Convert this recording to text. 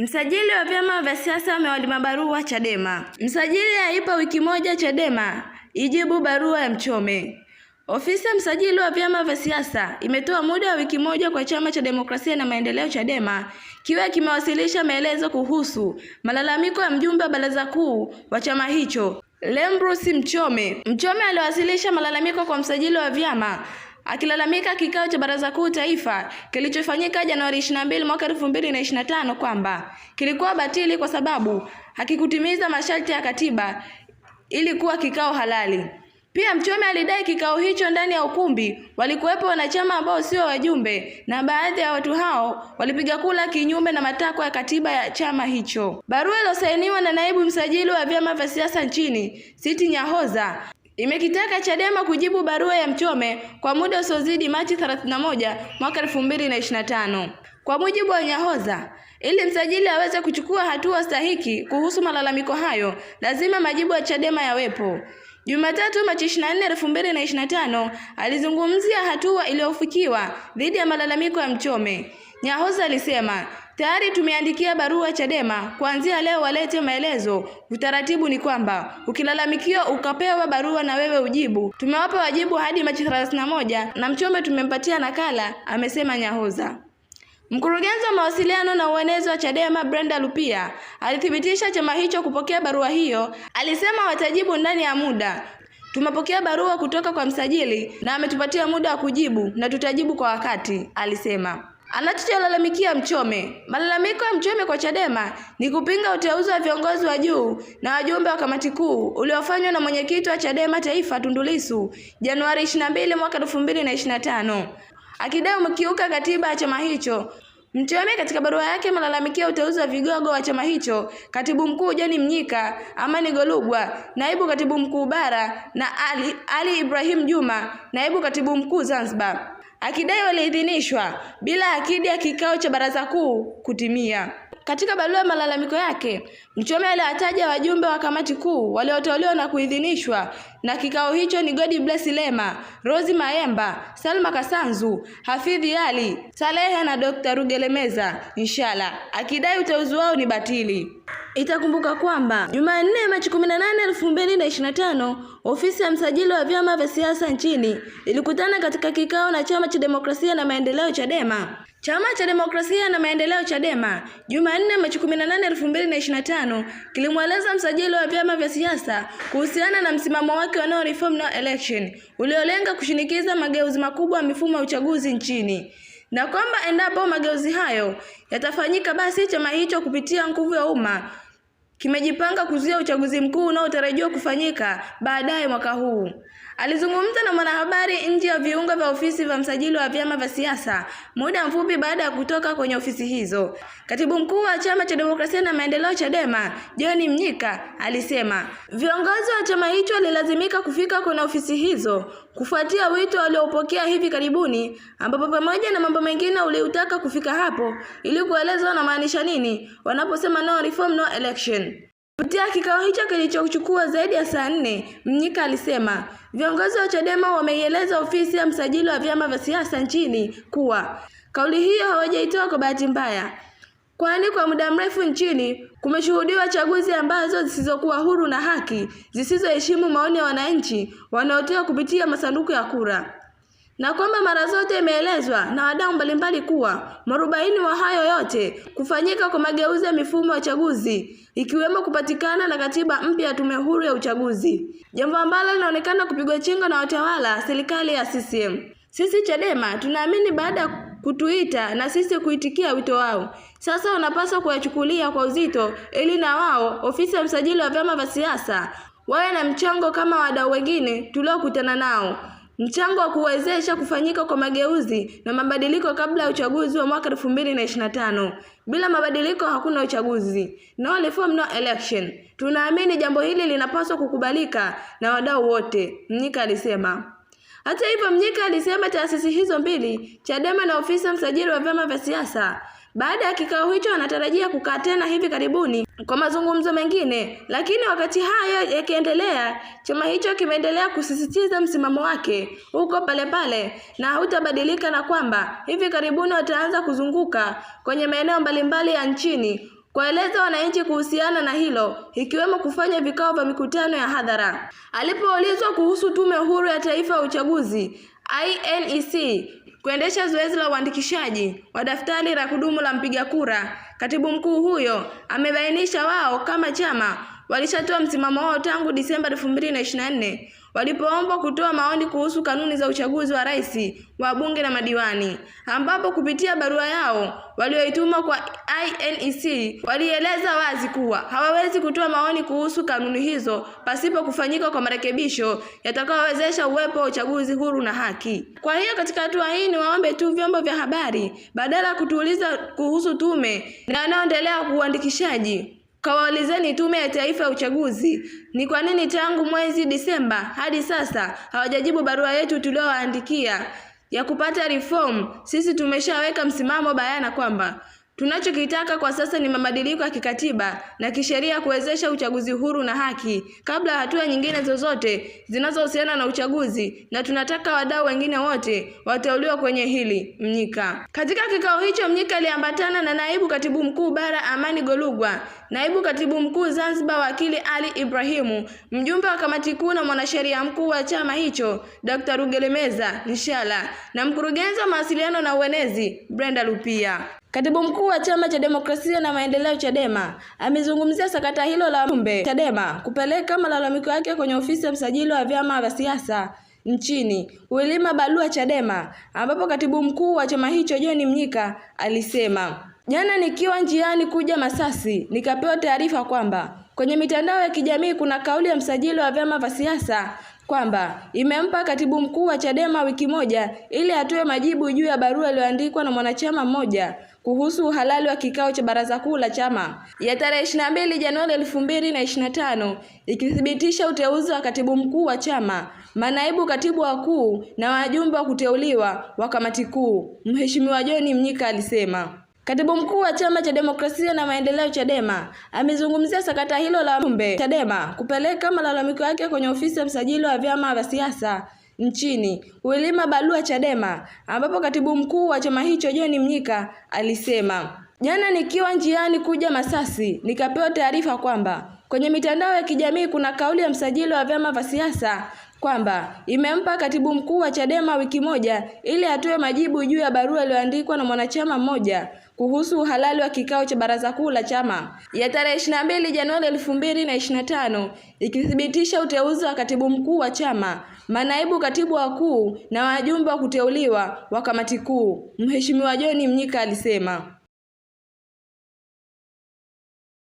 Msajili wa vyama vya siasa amewalima barua Chadema. Msajili aipa wiki moja Chadema ijibu barua ya Mchome. Ofisi ya msajili wa vyama vya siasa imetoa muda wa wiki moja kwa chama cha demokrasia na maendeleo Chadema kiwe kimewasilisha maelezo kuhusu malalamiko ya mjumbe wa baraza kuu wa chama hicho Lembrus Mchome. Mchome aliwasilisha malalamiko kwa msajili wa vyama akilalamika kikao cha Baraza Kuu Taifa kilichofanyika Januari 22 mwaka 2025 kwamba kilikuwa batili kwa sababu hakikutimiza masharti ya katiba ili kuwa kikao halali. Pia Mchome alidai kikao hicho ndani ya ukumbi walikuwepo wanachama ambao sio wajumbe na baadhi ya watu hao walipiga kula kinyume na matakwa ya katiba ya chama hicho. Barua iliyosainiwa na naibu msajili wa vyama vya siasa nchini Siti Nyahoza imekitaka Chadema kujibu barua ya Mchome kwa muda usiozidi Machi 31 mwaka 2025. Kwa mujibu wa Nyahoza, ili msajili aweze kuchukua hatua stahiki kuhusu malalamiko hayo, lazima majibu ya Chadema yawepo. Jumatatu Machi 24, 2025 alizungumzia hatua iliyofikiwa dhidi ya malalamiko ya Mchome. Nyahoza alisema Tayari tumeandikia barua Chadema, kuanzia leo walete maelezo. Utaratibu ni kwamba ukilalamikiwa ukapewa barua na wewe ujibu. Tumewapa wajibu hadi Machi 31 na Mchombe tumempatia nakala, amesema Nyahoza. Mkurugenzi wa mawasiliano na uenezi wa Chadema Brenda Lupia alithibitisha chama hicho kupokea barua hiyo. Alisema watajibu ndani ya muda. Tumepokea barua kutoka kwa msajili na ametupatia muda wa kujibu na tutajibu kwa wakati, alisema. Anacholalamikia Mchome. Malalamiko ya Mchome kwa Chadema ni kupinga uteuzi wa viongozi wa juu na wajumbe wa kamati kuu uliofanywa na mwenyekiti wa Chadema Taifa Tundu Lissu Januari 22 mwaka 2025, akidai umekiuka katiba ya chama hicho. Mchome katika barua yake malalamikia uteuzi wa vigogo wa chama hicho, katibu mkuu John Mnyika, Amani Golugwa naibu katibu mkuu bara, na Ali, Ali Ibrahim Juma naibu katibu mkuu Zanzibar akidai waliidhinishwa bila akidi ya kikao cha baraza kuu kutimia. Katika barua ya malalamiko yake, Mchome aliwataja wajumbe wa kamati kuu walioteuliwa na kuidhinishwa na kikao hicho ni God Bless Lema, Rosi Maemba, Salma Kasanzu, Hafidhi Ali, Salehe na Dr. Rugelemeza Inshallah, akidai uteuzi wao ni batili. Itakumbuka kwamba Jumanne, Machi 18, 2025, ofisi ya msajili wa vyama vya siasa nchini ilikutana katika kikao na chama cha demokrasia na maendeleo Chadema. Chama cha demokrasia na maendeleo Chadema Jumanne, Machi 18, 2025 kilimweleza msajili wa vyama vya siasa kuhusiana na msimamo wake wa no reform no election uliolenga kushinikiza mageuzi makubwa ya mifumo ya uchaguzi nchini na kwamba endapo mageuzi hayo yatafanyika, basi chama hicho kupitia nguvu ya umma kimejipanga kuzuia uchaguzi mkuu unaotarajiwa kufanyika baadaye mwaka huu. Alizungumza na mwanahabari nje ya viunga vya ofisi vya msajili wa vyama vya siasa muda mfupi baada ya kutoka kwenye ofisi hizo. Katibu mkuu wa chama cha demokrasia na maendeleo Chadema, John Mnyika alisema viongozi wa chama hicho walilazimika kufika kwenye ofisi hizo kufuatia wito waliopokea hivi karibuni, ambapo pamoja na mambo mengine uliutaka kufika hapo ili kueleza wanamaanisha nini wanaposema no reform no election. Kupitia kikao hicho kilichochukua zaidi ya saa nne, Mnyika alisema viongozi wa Chadema wameieleza ofisi ya msajili wa vyama vya siasa nchini kuwa kauli hiyo hawajaitoa kwa bahati mbaya, kwani kwa muda mrefu nchini kumeshuhudiwa chaguzi ambazo zisizokuwa huru na haki, zisizoheshimu maoni ya wananchi wanaotoa kupitia masanduku ya kura na kwamba mara zote imeelezwa na wadau mbalimbali kuwa mwarobaini wa hayo yote kufanyika kwa mageuzi ya mifumo ya uchaguzi ikiwemo kupatikana na katiba mpya ya Tume Huru ya Uchaguzi, jambo ambalo linaonekana kupigwa chingo na watawala serikali ya CCM. Sisi Chadema tunaamini baada ya kutuita na sisi kuitikia wito wao, sasa wanapaswa kuyachukulia kwa uzito, ili na wao ofisi ya msajili wa vyama vya siasa wawe na mchango kama wadau wengine tuliokutana nao. Mchango wa kuwezesha kufanyika kwa mageuzi na mabadiliko kabla ya uchaguzi wa mwaka tano. Bila mabadiliko hakuna uchaguzi. No reform no election. Tunaamini jambo hili linapaswa kukubalika na wadau wote, Mnyika alisema. Hata hivyo, Mnyika alisema taasisi hizo mbili, Chadema na ofisi ya msajili wa vyama vya siasa baada ya kikao hicho, wanatarajia kukaa tena hivi karibuni kwa mazungumzo mengine. Lakini wakati hayo yakiendelea, chama hicho kimeendelea kusisitiza msimamo wake huko pale pale na hautabadilika, na kwamba hivi karibuni wataanza kuzunguka kwenye maeneo mbalimbali ya nchini kueleza wananchi kuhusiana na hilo ikiwemo kufanya vikao vya mikutano ya hadhara. Alipoulizwa kuhusu Tume Huru ya Taifa ya Uchaguzi INEC kuendesha zoezi la uandikishaji wa daftari la kudumu la mpiga kura. Katibu mkuu huyo amebainisha wao kama chama walishatoa msimamo wao tangu Disemba 2024 walipoombwa kutoa maoni kuhusu kanuni za uchaguzi wa rais, wabunge na madiwani, ambapo kupitia barua yao walioituma kwa INEC walieleza wazi kuwa hawawezi kutoa maoni kuhusu kanuni hizo pasipo kufanyika kwa marekebisho yatakayowezesha uwepo wa uchaguzi huru na haki. Kwa hiyo katika hatua hii ni waombe tu vyombo vya habari badala ya kutuuliza kuhusu tume na yanayoendelea kuandikishaji uandikishaji Kawaulizeni Tume ya Taifa ya Uchaguzi ni kwa nini tangu mwezi Disemba hadi sasa hawajajibu barua yetu tuliyowaandikia ya kupata reform. Sisi tumeshaweka msimamo bayana kwamba Tunachokitaka kwa sasa ni mabadiliko ya kikatiba na kisheria kuwezesha uchaguzi huru na haki kabla hatua nyingine zozote zinazohusiana na uchaguzi, na tunataka wadau wengine wote wateuliwa kwenye hili. Mnyika. Katika kikao hicho, Mnyika aliambatana na naibu katibu mkuu bara Amani Golugwa, naibu katibu mkuu Zanzibar wakili Ali Ibrahimu, mjumbe wa kamati kuu na mwanasheria mkuu wa chama hicho Dr. Rugelemeza Nshala na mkurugenzi wa mawasiliano na uenezi Brenda Lupia. Katibu mkuu wa chama cha demokrasia na maendeleo Chadema amezungumzia sakata hilo la mbe Chadema kupeleka malalamiko yake kwenye ofisi ya msajili wa vyama vya siasa nchini kuilima balua Chadema, ambapo katibu mkuu wa chama hicho John Mnyika alisema Jana nikiwa njiani kuja Masasi nikapewa taarifa kwamba kwenye mitandao ya kijamii kuna kauli ya msajili wa vyama vya siasa kwamba imempa katibu mkuu wa Chadema wiki moja ili atoe majibu juu ya barua iliyoandikwa na mwanachama mmoja kuhusu uhalali wa kikao cha baraza kuu la chama ya tarehe 22 Januari 2025 ikithibitisha uteuzi wa katibu mkuu wa chama, manaibu katibu wakuu na wajumbe wa kuteuliwa wa kamati kuu, Mheshimiwa John Mnyika alisema. Katibu mkuu wa chama cha demokrasia na maendeleo Chadema amezungumzia sakata hilo la wajumbe Chadema kupeleka malalamiko yake kwenye ofisi ya msajili wa vyama vya siasa nchini Wilima Balua Chadema, ambapo katibu mkuu wa chama hicho John Mnyika alisema Jana nikiwa njiani kuja Masasi nikapewa taarifa kwamba kwenye mitandao ya kijamii kuna kauli ya msajili wa vyama vya siasa kwamba imempa katibu mkuu wa Chadema wiki moja ili atoe majibu juu ya barua iliyoandikwa na mwanachama mmoja kuhusu uhalali wa kikao cha baraza kuu la chama ya tarehe 22 Januari 2025 ikithibitisha uteuzi wa katibu mkuu wa chama, manaibu katibu wakuu na wajumbe wa kuteuliwa wa kamati kuu, Mheshimiwa John Mnyika alisema.